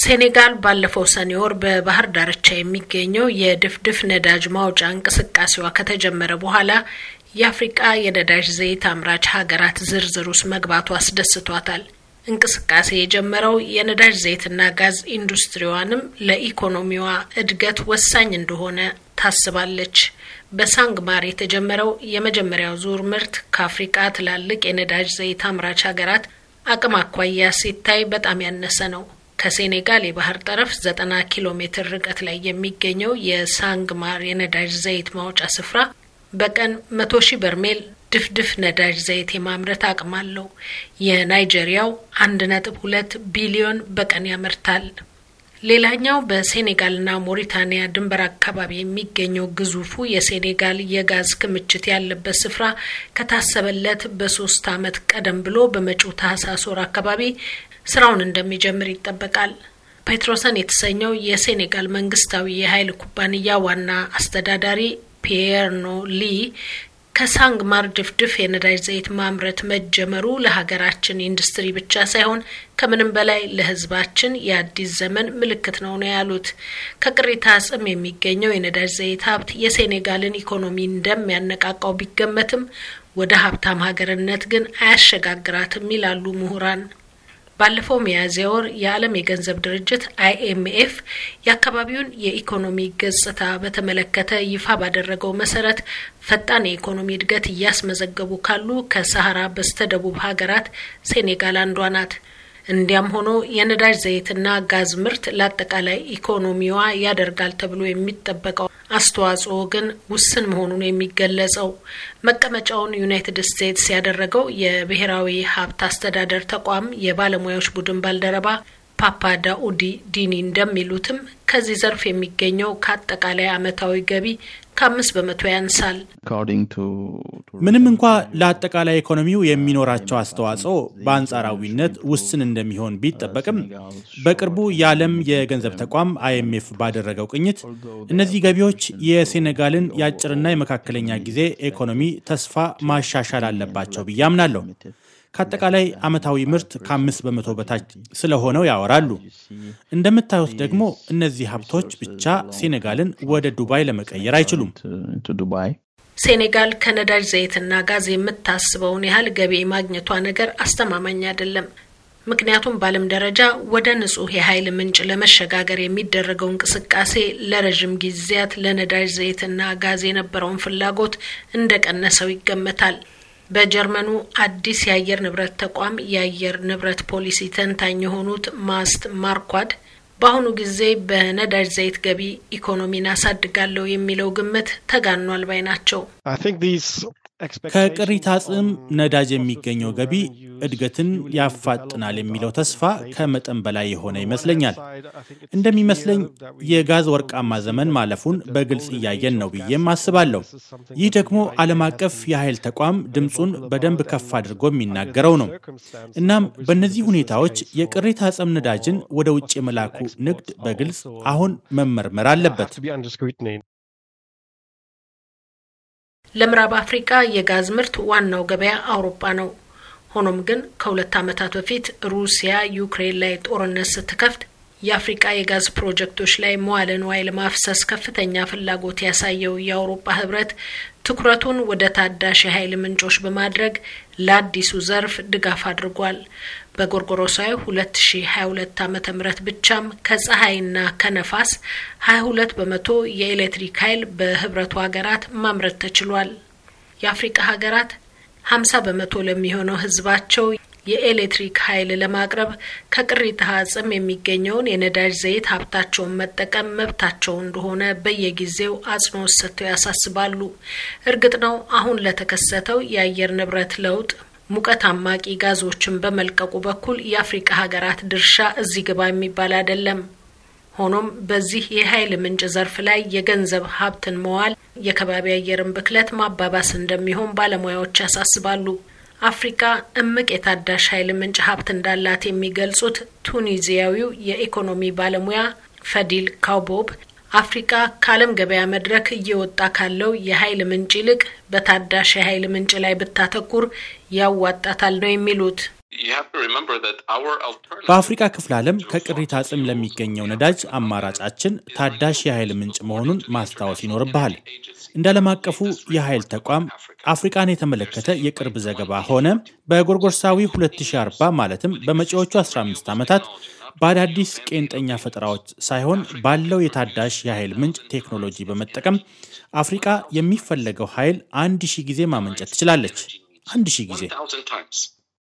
ሴኔጋል ባለፈው ሰኔ ወር በባህር ዳርቻ የሚገኘው የድፍድፍ ነዳጅ ማውጫ እንቅስቃሴዋ ከተጀመረ በኋላ የአፍሪቃ የነዳጅ ዘይት አምራች ሀገራት ዝርዝር ውስጥ መግባቱ አስደስቷታል። እንቅስቃሴ የጀመረው የነዳጅ ዘይትና ጋዝ ኢንዱስትሪዋንም ለኢኮኖሚዋ እድገት ወሳኝ እንደሆነ ታስባለች። በሳንግማር የተጀመረው የመጀመሪያው ዙር ምርት ከአፍሪቃ ትላልቅ የነዳጅ ዘይት አምራች ሀገራት አቅም አኳያ ሲታይ በጣም ያነሰ ነው። ከሴኔጋል የባህር ጠረፍ ዘጠና ኪሎ ሜትር ርቀት ላይ የሚገኘው የሳንግማር የነዳጅ ዘይት ማውጫ ስፍራ በቀን መቶ ሺህ በርሜል ድፍድፍ ነዳጅ ዘይት የማምረት አቅም አለው። የናይጄሪያው አንድ ነጥብ ሁለት ቢሊዮን በቀን ያመርታል። ሌላኛው በሴኔጋልና ሞሪታንያ ድንበር አካባቢ የሚገኘው ግዙፉ የሴኔጋል የጋዝ ክምችት ያለበት ስፍራ ከታሰበለት በሶስት ዓመት ቀደም ብሎ በመጪው ታህሳስ ወር አካባቢ ስራውን እንደሚጀምር ይጠበቃል። ፔትሮሰን የተሰኘው የሴኔጋል መንግስታዊ የኃይል ኩባንያ ዋና አስተዳዳሪ ፒየርኖ ሊ ከሳንግ ማር ድፍድፍ የነዳጅ ዘይት ማምረት መጀመሩ ለሀገራችን ኢንዱስትሪ ብቻ ሳይሆን ከምንም በላይ ለሕዝባችን የአዲስ ዘመን ምልክት ነው ነው ያሉት። ከቅሪተ አጽም የሚገኘው የነዳጅ ዘይት ሀብት የሴኔጋልን ኢኮኖሚ እንደሚያነቃቃው ቢገመትም ወደ ሀብታም ሀገርነት ግን አያሸጋግራትም ይላሉ ምሁራን። ባለፈው ሚያዝያ ወር የዓለም የገንዘብ ድርጅት አይኤምኤፍ የአካባቢውን የኢኮኖሚ ገጽታ በተመለከተ ይፋ ባደረገው መሰረት ፈጣን የኢኮኖሚ እድገት እያስመዘገቡ ካሉ ከሰሐራ በስተ ደቡብ ሀገራት ሴኔጋል አንዷ ናት። እንዲያም ሆኖ የነዳጅ ዘይትና ጋዝ ምርት ለአጠቃላይ ኢኮኖሚዋ ያደርጋል ተብሎ የሚጠበቀው አስተዋጽኦ ግን ውስን መሆኑን የሚገለጸው መቀመጫውን ዩናይትድ ስቴትስ ያደረገው የብሔራዊ ሀብት አስተዳደር ተቋም የባለሙያዎች ቡድን ባልደረባ ፓፓዳኡዲ ዲኒ እንደሚሉትም ከዚህ ዘርፍ የሚገኘው ከአጠቃላይ ዓመታዊ ገቢ ከአምስት በመቶ ያንሳል። ምንም እንኳ ለአጠቃላይ ኢኮኖሚው የሚኖራቸው አስተዋጽኦ በአንጻራዊነት ውስን እንደሚሆን ቢጠበቅም በቅርቡ የዓለም የገንዘብ ተቋም አይኤምኤፍ ባደረገው ቅኝት እነዚህ ገቢዎች የሴኔጋልን የአጭርና የመካከለኛ ጊዜ ኢኮኖሚ ተስፋ ማሻሻል አለባቸው ብዬ አምናለሁ። ከአጠቃላይ ዓመታዊ ምርት ከአምስት በመቶ በታች ስለሆነው ያወራሉ። እንደምታዩት ደግሞ እነዚህ ሀብቶች ብቻ ሴኔጋልን ወደ ዱባይ ለመቀየር አይችሉም። ሴኔጋል ከነዳጅ ዘይትና ጋዝ የምታስበውን ያህል ገቢ ማግኘቷ ነገር አስተማማኝ አይደለም። ምክንያቱም በዓለም ደረጃ ወደ ንጹህ የኃይል ምንጭ ለመሸጋገር የሚደረገው እንቅስቃሴ ለረዥም ጊዜያት ለነዳጅ ዘይትና ጋዝ የነበረውን ፍላጎት እንደቀነሰው ይገመታል። በጀርመኑ አዲስ የአየር ንብረት ተቋም የአየር ንብረት ፖሊሲ ተንታኝ የሆኑት ማስት ማርኳድ በአሁኑ ጊዜ በነዳጅ ዘይት ገቢ ኢኮኖሚን አሳድጋለሁ የሚለው ግምት ተጋኗል ባይ ናቸው። ከቅሪተ አጽም ነዳጅ የሚገኘው ገቢ እድገትን ያፋጥናል የሚለው ተስፋ ከመጠን በላይ የሆነ ይመስለኛል። እንደሚመስለኝ የጋዝ ወርቃማ ዘመን ማለፉን በግልጽ እያየን ነው ብዬም አስባለሁ። ይህ ደግሞ ዓለም አቀፍ የኃይል ተቋም ድምፁን በደንብ ከፍ አድርጎ የሚናገረው ነው። እናም በእነዚህ ሁኔታዎች የቅሪተ አጽም ነዳጅን ወደ ውጭ የመላኩ ንግድ በግልጽ አሁን መመርመር አለበት። ለምዕራብ አፍሪካ የጋዝ ምርት ዋናው ገበያ አውሮፓ ነው። ሆኖም ግን ከሁለት ዓመታት በፊት ሩሲያ ዩክሬን ላይ ጦርነት ስትከፍት የአፍሪቃ የጋዝ ፕሮጀክቶች ላይ መዋለ ንዋይ ለማፍሰስ ከፍተኛ ፍላጎት ያሳየው የአውሮፓ ህብረት ትኩረቱን ወደ ታዳሽ የኃይል ምንጮች በማድረግ ለአዲሱ ዘርፍ ድጋፍ አድርጓል። በጎርጎሮሳዊ 2022 ዓ ም ብቻም ከፀሐይና ከነፋስ 22 በመቶ የኤሌክትሪክ ኃይል በህብረቱ ሀገራት ማምረት ተችሏል። የአፍሪቃ ሀገራት 50 በመቶ ለሚሆነው ህዝባቸው የኤሌክትሪክ ኃይል ለማቅረብ ከቅሪተ አጽም የሚገኘውን የነዳጅ ዘይት ሀብታቸውን መጠቀም መብታቸው እንደሆነ በየጊዜው አጽንኦት ሰጥተው ያሳስባሉ። እርግጥ ነው አሁን ለተከሰተው የአየር ንብረት ለውጥ ሙቀት አማቂ ጋዞችን በመልቀቁ በኩል የአፍሪቃ ሀገራት ድርሻ እዚህ ግባ የሚባል አይደለም። ሆኖም በዚህ የኃይል ምንጭ ዘርፍ ላይ የገንዘብ ሀብትን መዋል የከባቢ አየርን ብክለት ማባባስ እንደሚሆን ባለሙያዎች ያሳስባሉ። አፍሪካ እምቅ የታዳሽ ኃይል ምንጭ ሀብት እንዳላት የሚገልጹት ቱኒዚያዊው የኢኮኖሚ ባለሙያ ፈዲል ካውቦብ አፍሪካ ከዓለም ገበያ መድረክ እየወጣ ካለው የኃይል ምንጭ ይልቅ በታዳሽ የኃይል ምንጭ ላይ ብታተኩር ያዋጣታል ነው የሚሉት። በአፍሪካ ክፍለ ዓለም ከቅሪተ አጽም ለሚገኘው ነዳጅ አማራጫችን ታዳሽ የኃይል ምንጭ መሆኑን ማስታወስ ይኖርብሃል። እንደ ዓለም አቀፉ የኃይል ተቋም አፍሪካን የተመለከተ የቅርብ ዘገባ ሆነ በጎርጎርሳዊ 2040 ማለትም በመጪዎቹ 15 ዓመታት በአዳዲስ ቄንጠኛ ፈጠራዎች ሳይሆን ባለው የታዳሽ የኃይል ምንጭ ቴክኖሎጂ በመጠቀም አፍሪካ የሚፈለገው ኃይል አንድ ሺህ ጊዜ ማመንጨት ትችላለች። አንድ ሺህ ጊዜ